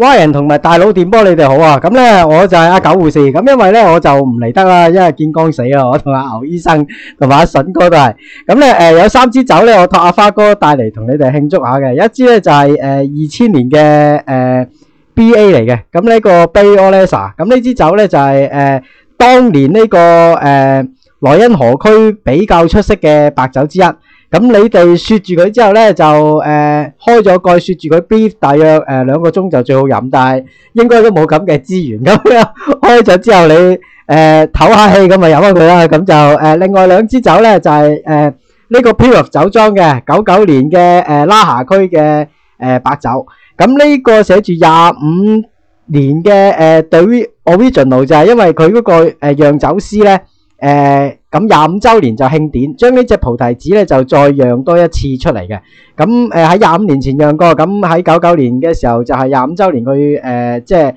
Y 人同埋大佬點波你哋好啊？咁咧、就是啊，我就係阿九護士。咁因為咧，我就唔嚟得啦，因為見光死啊！我同阿牛醫生同埋阿筍哥都係。咁、嗯、咧，誒、呃、有三支酒咧，我託阿花哥帶嚟同你哋慶祝下嘅。一支咧就係誒二千年嘅誒 B A 嚟、嗯、嘅。咁呢個 B y Olisa。咁呢支酒咧就係、是、誒、呃、當年呢、這個誒、呃、萊茵河區比較出色嘅白酒之一。咁你哋雪住佢之後咧就誒，開咗蓋雪住佢，冰大約誒兩個鐘就最好飲，但係應該都冇咁嘅資源，咁樣開咗之後你誒唞下氣咁咪飲翻佢啦。咁就誒另外兩支酒咧就係誒呢個 Pilaf 酒莊嘅九九年嘅誒拉夏區嘅誒白酒。咁呢個寫住廿五年嘅誒，對於 V O V 盡露就係因為佢嗰個誒釀酒師咧誒。咁廿五周年就慶典，將呢隻菩提子咧就再釀多一次出嚟嘅。咁誒喺廿五年前釀過，咁喺九九年嘅時候就係廿五周年佢誒、呃、即係誒、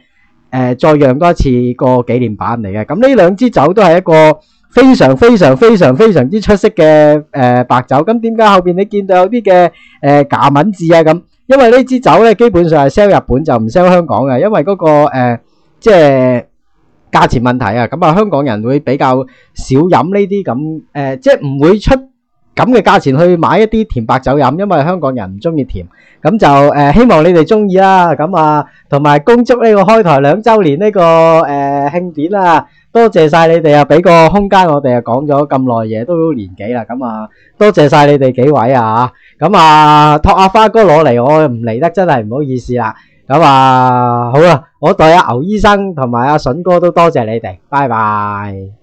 呃、再釀多一次個紀念版嚟嘅。咁呢兩支酒都係一個非常非常非常非常之出色嘅誒、呃、白酒。咁點解後邊你見到有啲嘅誒假文字啊咁？因為呢支酒咧基本上係 sell 日本就唔 sell 香港嘅，因為嗰、嗰個誒、呃、即係。價錢問題啊，咁啊，香港人會比較少飲呢啲咁，誒、呃，即係唔會出咁嘅價錢去買一啲甜白酒飲，因為香港人唔中意甜。咁就誒、呃，希望你哋中意啦。咁啊，同埋恭祝呢個開台兩周年呢、這個誒慶、呃、典啊，多謝晒你哋啊，俾個空間我哋啊講咗咁耐嘢都年幾啦，咁啊，多謝晒你哋幾位啊，咁啊，託阿花哥攞嚟，我唔嚟得，真係唔好意思啦。咁啊，好啊，我代阿牛醫生同埋阿笋哥都多謝你哋，拜拜。